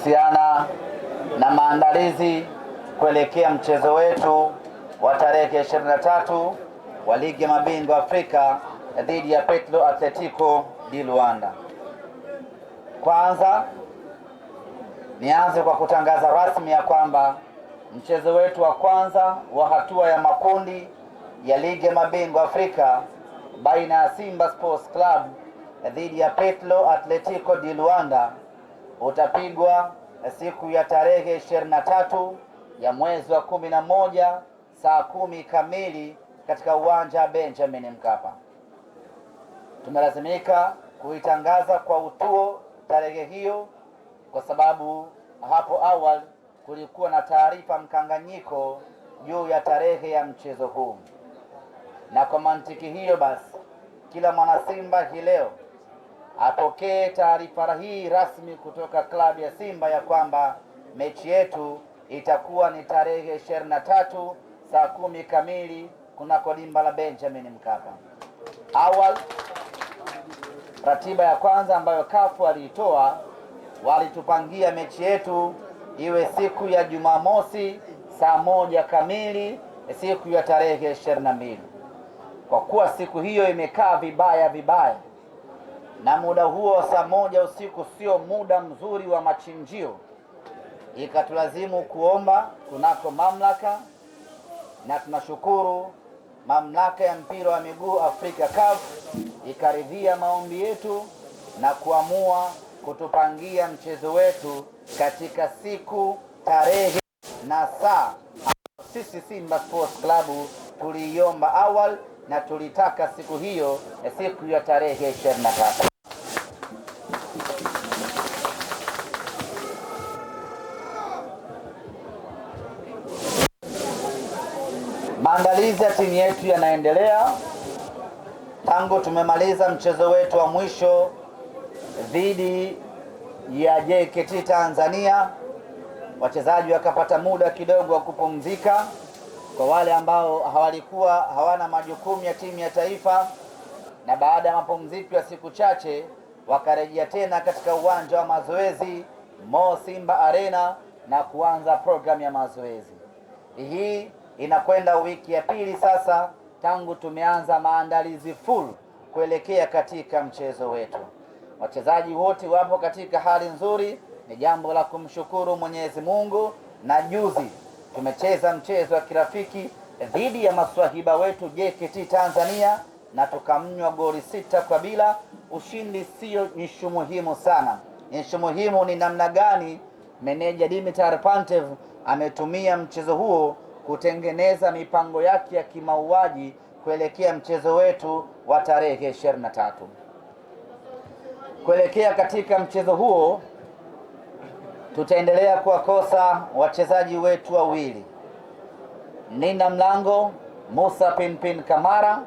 kuhusiana na maandalizi kuelekea mchezo wetu wa tarehe 23 wa ligi ya mabingwa Afrika dhidi ya Petro Atletico di Luanda. Kwanza nianze kwa kutangaza rasmi ya kwamba mchezo wetu wa kwanza wa hatua ya makundi ya ligi ya mabingwa Afrika baina ya Simba Sports Club dhidi ya Petro Atletico di Luanda utapigwa siku ya tarehe ishirini na tatu ya mwezi wa kumi na moja saa kumi kamili katika uwanja wa Benjamin Mkapa. Tumelazimika kuitangaza kwa utuo tarehe hiyo kwa sababu hapo awali kulikuwa na taarifa mkanganyiko juu ya tarehe ya mchezo huu, na kwa mantiki hiyo basi, kila mwanasimba hii leo apokee taarifa hii rasmi kutoka klabu ya Simba ya kwamba mechi yetu itakuwa ni tarehe ishirini na tatu saa kumi kamili kunako dimba la Benjamin Mkapa. Awali, ratiba ya kwanza ambayo kafu aliitoa walitupangia mechi yetu iwe siku ya Jumamosi saa moja kamili siku ya tarehe ishirini na mbili. Kwa kuwa siku hiyo imekaa vibaya vibaya na muda huo wa saa moja usiku sio muda mzuri wa machinjio, ikatulazimu kuomba kunako mamlaka, na tunashukuru mamlaka ya mpira wa miguu Afrika CAF ikaridhia maombi yetu na kuamua kutupangia mchezo wetu katika siku, tarehe na saa sisi Simba Sports Club tuliiomba awali na tulitaka siku hiyo, siku ya tarehe 23. timu yetu yanaendelea tangu tumemaliza mchezo wetu wa mwisho dhidi ya JKT Tanzania, wachezaji wakapata muda kidogo wa kupumzika. Kwa wale ambao hawalikuwa hawana majukumu ya timu ya taifa, na baada ya mapumziko ya siku chache wakarejea tena katika uwanja wa mazoezi Mo Simba Arena na kuanza programu ya mazoezi hii Inakwenda wiki ya pili sasa tangu tumeanza maandalizi full kuelekea katika mchezo wetu. Wachezaji wote wapo katika hali nzuri, ni jambo la kumshukuru Mwenyezi Mungu. Na juzi tumecheza mchezo wa kirafiki dhidi ya maswahiba wetu JKT Tanzania na tukamnywa goli sita kwa bila. Ushindi sio nyishu muhimu sana, nyishu muhimu ni namna gani meneja Dimitar Pantev ametumia mchezo huo kutengeneza mipango yake ya kimauaji kuelekea mchezo wetu wa tarehe 23. Kuelekea katika mchezo huo tutaendelea kuwakosa wachezaji wetu wawili, nina mlango Musa pinpin Kamara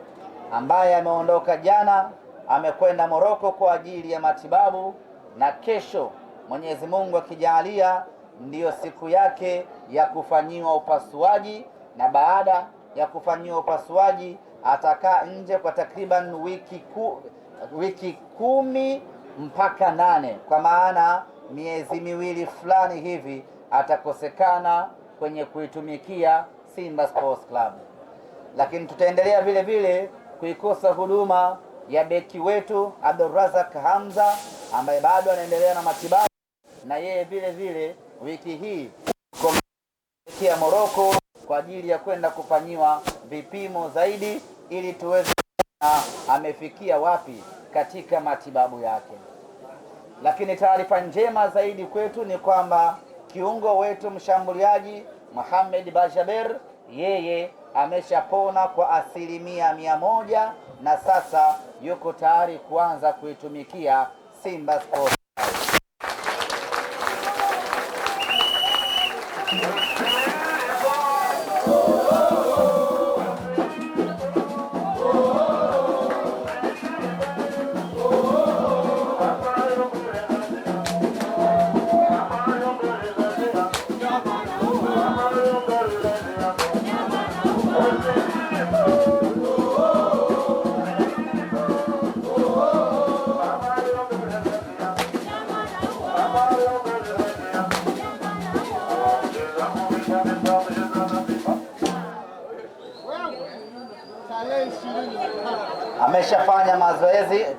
ambaye ameondoka jana, amekwenda Moroko kwa ajili ya matibabu, na kesho Mwenyezi Mungu akijaalia ndiyo siku yake ya kufanyiwa upasuaji, na baada ya kufanyiwa upasuaji atakaa nje kwa takriban wiki, ku, wiki kumi mpaka nane, kwa maana miezi miwili fulani hivi atakosekana kwenye kuitumikia Simba Sports Club. Lakini tutaendelea vile vile kuikosa huduma ya beki wetu Abdulrazak Hamza ambaye bado anaendelea na matibabu na yeye vile vile wiki hii kuelekea Moroko kwa ajili ya kwenda kufanyiwa vipimo zaidi ili tuweze kuona amefikia wapi katika matibabu yake. Lakini taarifa njema zaidi kwetu ni kwamba kiungo wetu mshambuliaji Mohamed Bajaber yeye ameshapona kwa asilimia mia moja na sasa yuko tayari kuanza kuitumikia Simba Sports.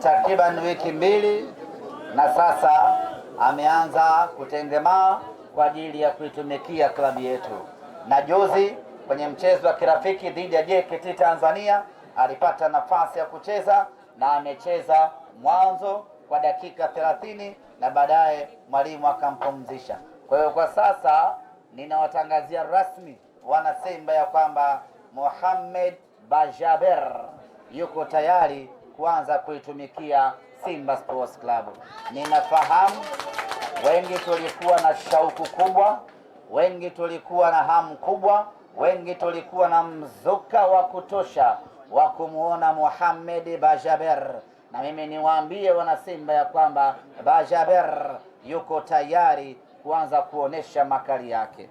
takriban wiki mbili, na sasa ameanza kutengemaa kwa ajili ya kuitumikia klabu yetu, na juzi kwenye mchezo wa kirafiki dhidi ya JKT Tanzania alipata nafasi ya kucheza na amecheza mwanzo kwa dakika 30 na baadaye mwalimu akampumzisha. Kwa hiyo kwa sasa ninawatangazia rasmi wana Simba ya kwamba Mohamed Bajaber yuko tayari kuanza kuitumikia Simba Sports Club. Ninafahamu wengi tulikuwa na shauku kubwa, wengi tulikuwa na hamu kubwa, wengi tulikuwa na mzuka wa kutosha wa kumwona Mohamed Bajaber, na mimi niwaambie wanasimba ya kwamba Bajaber yuko tayari kuanza kuonesha makali yake.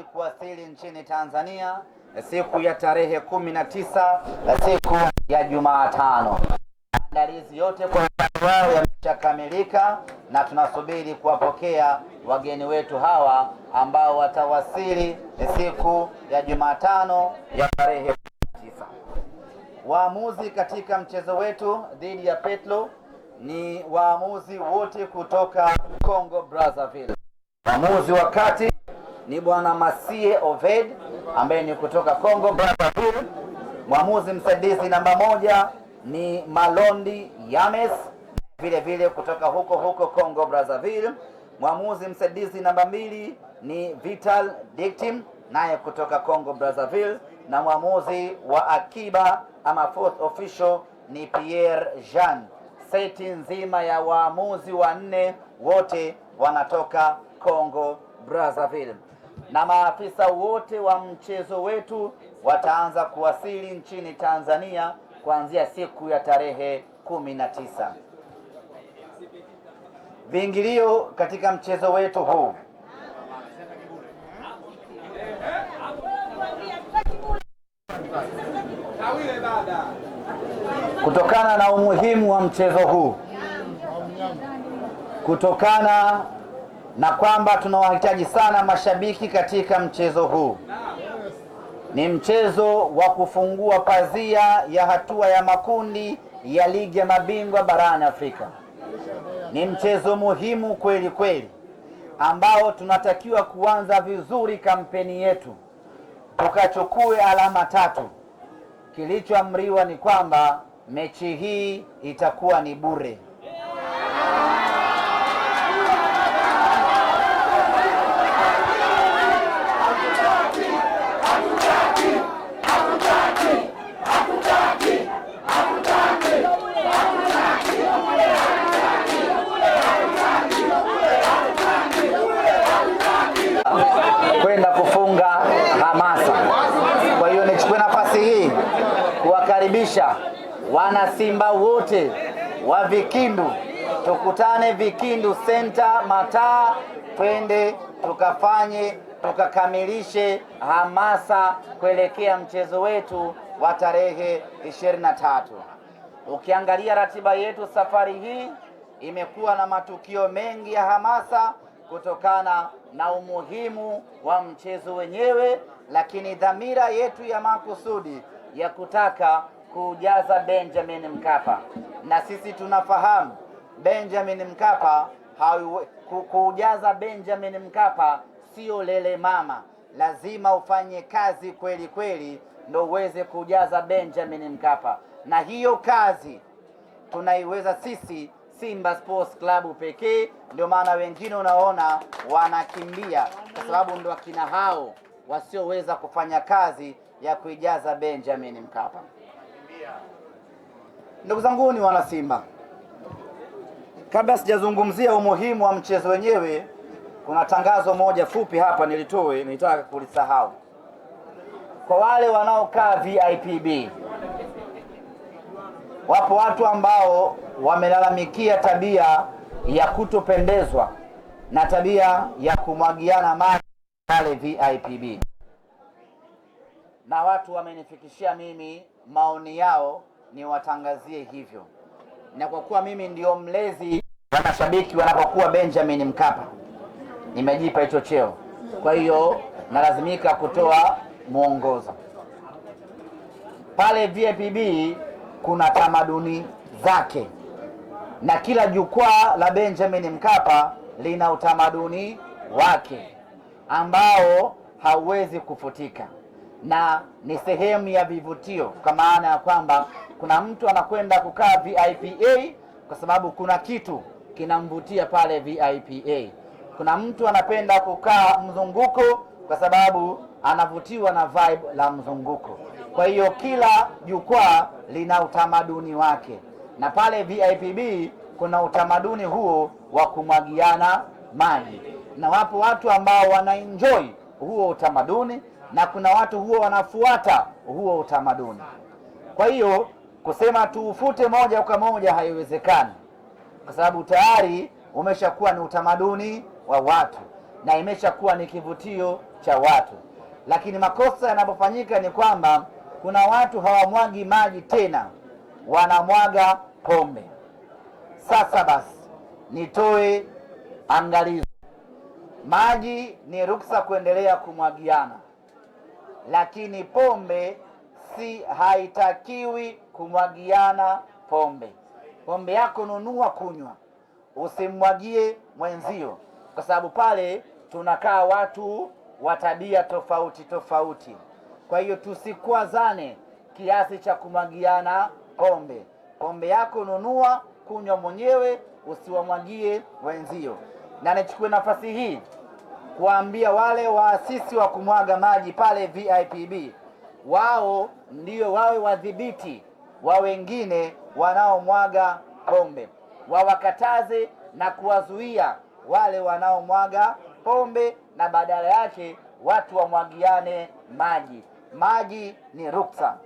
mtaraji kuwasili nchini Tanzania siku ya tarehe kumi na tisa siku ya Jumatano. Maandalizi yote kwa upande wao yameshakamilika na tunasubiri kuwapokea wageni wetu hawa ambao watawasili siku ya Jumatano ya tarehe kumi na tisa. Waamuzi katika mchezo wetu dhidi ya Petlo ni waamuzi wote kutoka Congo Brazzaville. Waamuzi wa kati ni bwana Masie Oved ambaye ni kutoka Congo Brazzaville. Mwamuzi msaidizi namba moja ni Malondi Yames vile vile kutoka huko huko Congo Brazzaville. Mwamuzi msaidizi namba mbili ni Vital Dictim naye kutoka Congo Brazzaville, na mwamuzi wa akiba ama fourth official ni Pierre Jean. Seti nzima ya waamuzi wanne wote wanatoka Congo Brazzaville na maafisa wote wa mchezo wetu wataanza kuwasili nchini Tanzania kuanzia siku ya tarehe kumi na tisa. Viingilio katika mchezo wetu huu kutokana na umuhimu wa mchezo huu kutokana na kwamba tunawahitaji sana mashabiki katika mchezo huu. Ni mchezo wa kufungua pazia ya hatua ya makundi ya ligi ya mabingwa barani Afrika. Ni mchezo muhimu kweli kweli ambao tunatakiwa kuanza vizuri kampeni yetu tukachukue alama tatu. Kilichoamriwa ni kwamba mechi hii itakuwa ni bure. wana wanasimba wote wa Vikindu, tukutane Vikindu senta Mataa, twende tukafanye tukakamilishe hamasa kuelekea mchezo wetu wa tarehe ishirini na tatu. Ukiangalia ratiba yetu safari hii imekuwa na matukio mengi ya hamasa kutokana na umuhimu wa mchezo wenyewe, lakini dhamira yetu ya makusudi ya kutaka kujaza Benjamin Mkapa, na sisi tunafahamu Benjamin Mkapa hawe, kujaza Benjamin Mkapa sio lele mama, lazima ufanye kazi kweli kweli ndo uweze kujaza Benjamin Mkapa, na hiyo kazi tunaiweza sisi Simba Sports Club pekee. Ndio maana wengine unaona wanakimbia, kwa sababu ndo akina hao wasioweza kufanya kazi ya kuijaza Benjamin Mkapa. Ndugu zangu ni wana Simba, kabla sijazungumzia umuhimu wa mchezo wenyewe, kuna tangazo moja fupi hapa nilitoe, nitaka kulisahau. Kwa wale wanaokaa VIPB, wapo watu ambao wamelalamikia tabia ya kutopendezwa na tabia ya kumwagiana maji pale VIPB, na watu wamenifikishia mimi maoni yao niwatangazie hivyo, na kwa kuwa mimi ndio mlezi wanashabiki wanapokuwa Benjamin Mkapa, nimejipa hicho cheo, kwa hiyo nalazimika kutoa mwongozo pale. VAPB kuna tamaduni zake na kila jukwaa la Benjamin Mkapa lina utamaduni wake ambao hauwezi kufutika na ni sehemu ya vivutio, kwa maana ya kwamba kuna mtu anakwenda kukaa VIPA kwa sababu kuna kitu kinamvutia pale VIPA. Kuna mtu anapenda kukaa mzunguko kwa sababu anavutiwa na vibe la mzunguko. Kwa hiyo kila jukwaa lina utamaduni wake, na pale VIPB kuna utamaduni huo wa kumwagiana maji, na wapo watu ambao wanaenjoy huo utamaduni na kuna watu huo wanafuata huo utamaduni. Kwa hiyo kusema tuufute moja kwa moja haiwezekani, kwa sababu tayari umeshakuwa ni utamaduni wa watu na imeshakuwa ni kivutio cha watu. Lakini makosa yanapofanyika ni kwamba kuna watu hawamwagi maji tena, wanamwaga pombe. Sasa basi, nitoe angalizo, maji ni ruksa kuendelea kumwagiana lakini pombe si haitakiwi kumwagiana pombe. Pombe yako nunua, kunywa, usimwagie mwenzio, kwa sababu pale tunakaa watu wa tabia tofauti tofauti. Kwa hiyo tusikwazane kiasi cha kumwagiana pombe. Pombe yako nunua, kunywa mwenyewe, usiwamwagie wenzio. Na nichukue nafasi hii kuambia wale waasisi wa kumwaga maji pale VIPB wao ndio wawe wadhibiti wa wengine wanaomwaga pombe, wawakataze na kuwazuia wale wanaomwaga pombe, na badala yake watu wamwagiane maji. Maji ni ruksa,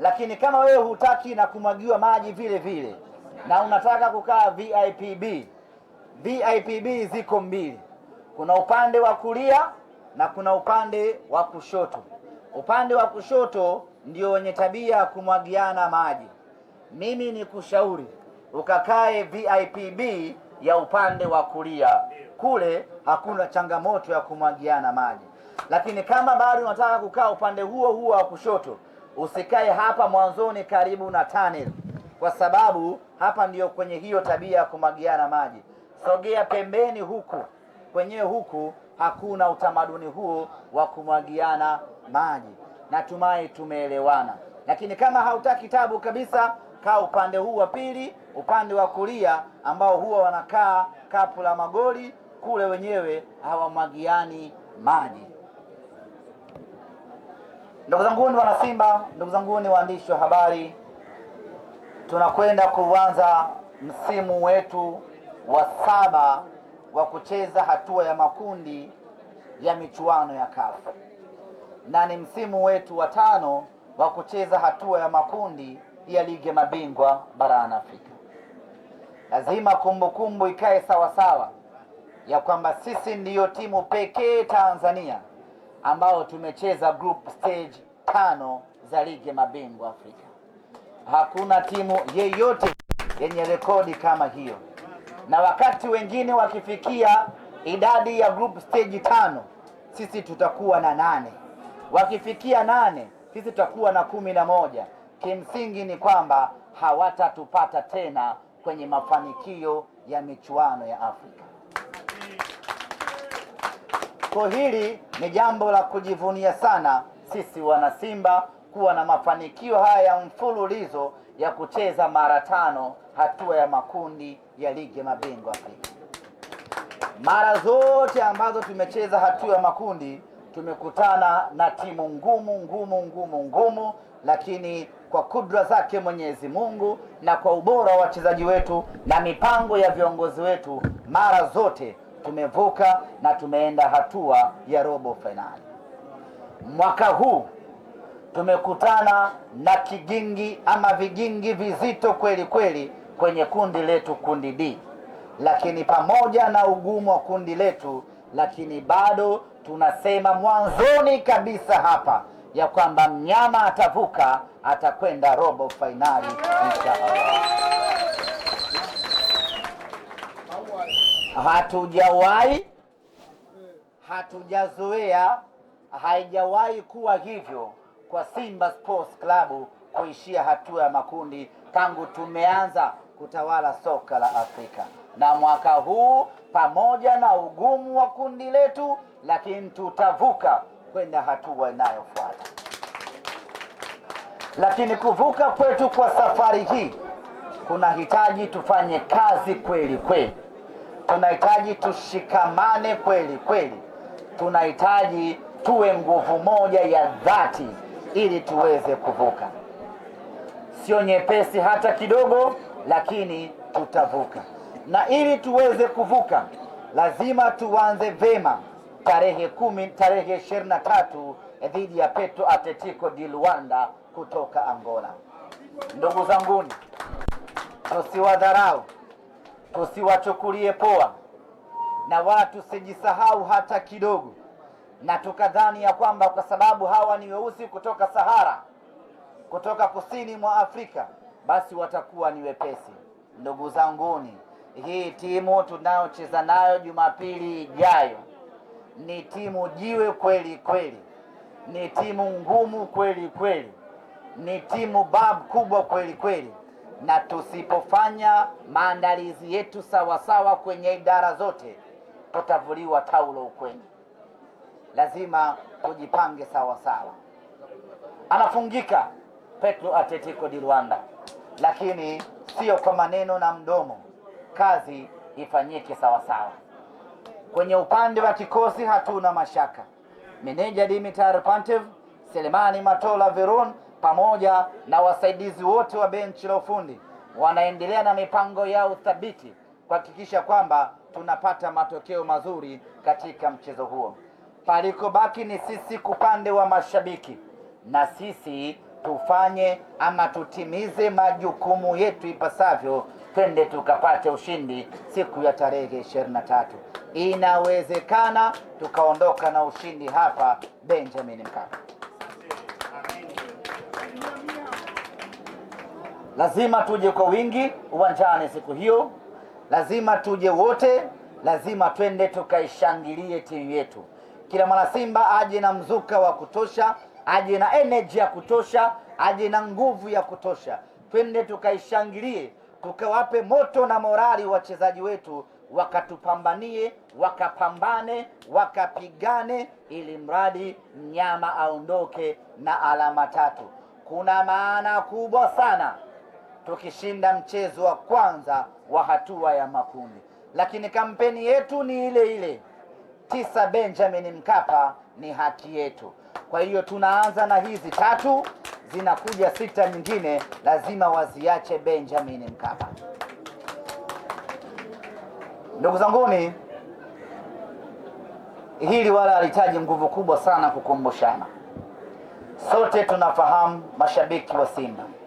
lakini kama wewe hutaki na kumwagiwa maji vile vile na unataka kukaa VIPB, VIPB ziko mbili kuna upande wa kulia na kuna upande wa kushoto. Upande wa kushoto ndio wenye tabia ya kumwagiana maji. Mimi ni kushauri ukakae VIPB ya upande wa kulia, kule hakuna changamoto ya kumwagiana maji. Lakini kama bado unataka kukaa upande huo huo wa kushoto, usikae hapa mwanzoni karibu na tunnel, kwa sababu hapa ndiyo kwenye hiyo tabia ya kumwagiana maji. Sogea pembeni huku kwenyewe huku hakuna utamaduni huo wa kumwagiana maji. Natumai tumeelewana, lakini kama hautaki tabu kabisa, kaa upande huu wa pili, upande wa kulia ambao huwa wanakaa kapu la magoli kule, wenyewe hawamwagiani maji. Ndugu wana wanasimba, ndugu ni waandishi wa habari, tunakwenda kuanza msimu wetu wa saba wa kucheza hatua ya makundi ya michuano ya CAF na ni msimu wetu wa tano wa kucheza hatua ya makundi ya ligi ya mabingwa barani Afrika. Lazima kumbukumbu ikae sawasawa ya kwamba sisi ndiyo timu pekee Tanzania ambayo tumecheza group stage tano za ligi ya mabingwa Afrika. Hakuna timu yeyote yenye rekodi kama hiyo na wakati wengine wakifikia idadi ya group stage tano sisi tutakuwa na nane. Wakifikia nane sisi tutakuwa na kumi na moja. Kimsingi ni kwamba hawatatupata tena kwenye mafanikio ya michuano ya Afrika. Kwa hili ni jambo la kujivunia sana sisi wana Simba kuwa na mafanikio haya ya mfululizo ya kucheza mara tano hatua ya makundi ya ligi ya mabingwa Afrika. Mara zote ambazo tumecheza hatua ya makundi tumekutana na timu ngumu ngumu ngumu ngumu, lakini kwa kudra zake Mwenyezi Mungu na kwa ubora wa wachezaji wetu na mipango ya viongozi wetu, mara zote tumevuka na tumeenda hatua ya robo fainali. Mwaka huu tumekutana na kigingi ama vigingi vizito kweli kweli kwenye kundi letu, kundi D. Lakini pamoja na ugumu wa kundi letu, lakini bado tunasema mwanzoni kabisa hapa ya kwamba mnyama atavuka, atakwenda robo fainali inshaallah. Hatujawahi, hatujazoea, haijawahi kuwa hivyo kwa Simba Sports Club kuishia hatua ya makundi tangu tumeanza kutawala soka la Afrika. Na mwaka huu pamoja na ugumu wa kundi letu, lakini tutavuka kwenda hatua inayofuata. Lakini kuvuka kwetu kwa safari hii kunahitaji tufanye kazi kweli kweli, tunahitaji tushikamane kweli kweli, tunahitaji tuwe nguvu moja ya dhati ili tuweze kuvuka. Sio nyepesi hata kidogo, lakini tutavuka, na ili tuweze kuvuka lazima tuanze vema tarehe kumi, tarehe ishirini na tatu dhidi ya Petro Atletico di Luanda kutoka Angola. Ndugu zanguni, tusiwadharau, tusiwachukulie poa, na wala tusijisahau hata kidogo na tukadhani ya kwamba kwa sababu hawa ni weusi kutoka Sahara, kutoka kusini mwa Afrika, basi watakuwa ni wepesi. Ndugu zanguni, hii timu tunayocheza nayo Jumapili ijayo ni timu jiwe kweli kweli, ni timu ngumu kweli kweli, ni timu bab kubwa kweli kweli, na tusipofanya maandalizi yetu sawasawa kwenye idara zote, tutavuliwa taulo ukweli lazima tujipange sawa sawa. Anafungika Petro Atletico di rwanda lakini sio kwa maneno na mdomo, kazi ifanyike sawa sawa. Kwenye upande wa kikosi hatuna mashaka, meneja Dimitar Pantev, Selemani Matola Veron pamoja na wasaidizi wote wa benchi la ufundi wanaendelea na mipango yao thabiti kuhakikisha kwamba tunapata matokeo mazuri katika mchezo huo palikobaki ni sisi kupande wa mashabiki, na sisi tufanye ama tutimize majukumu yetu ipasavyo, twende tukapate ushindi siku ya tarehe ishirini na tatu. Inawezekana tukaondoka na ushindi hapa Benjamin Mkapa. Lazima tuje kwa wingi uwanjani siku hiyo, lazima tuje wote, lazima twende tukaishangilie timu yetu. Kila mwana Simba aje na mzuka wa kutosha, aje na energy ya kutosha, aje na nguvu ya kutosha. Twende tukaishangilie, tukawape moto na morali wachezaji wetu, wakatupambanie, wakapambane, wakapigane, ili mradi mnyama aondoke na alama tatu. Kuna maana kubwa sana tukishinda mchezo wa kwanza wa hatua ya makundi, lakini kampeni yetu ni ile ile tisa Benjamin Mkapa ni haki yetu. Kwa hiyo tunaanza na hizi tatu, zinakuja sita nyingine lazima waziache Benjamin Mkapa. Ndugu zanguni, hili wala halihitaji nguvu kubwa sana kukumbushana. Sote tunafahamu mashabiki wa Simba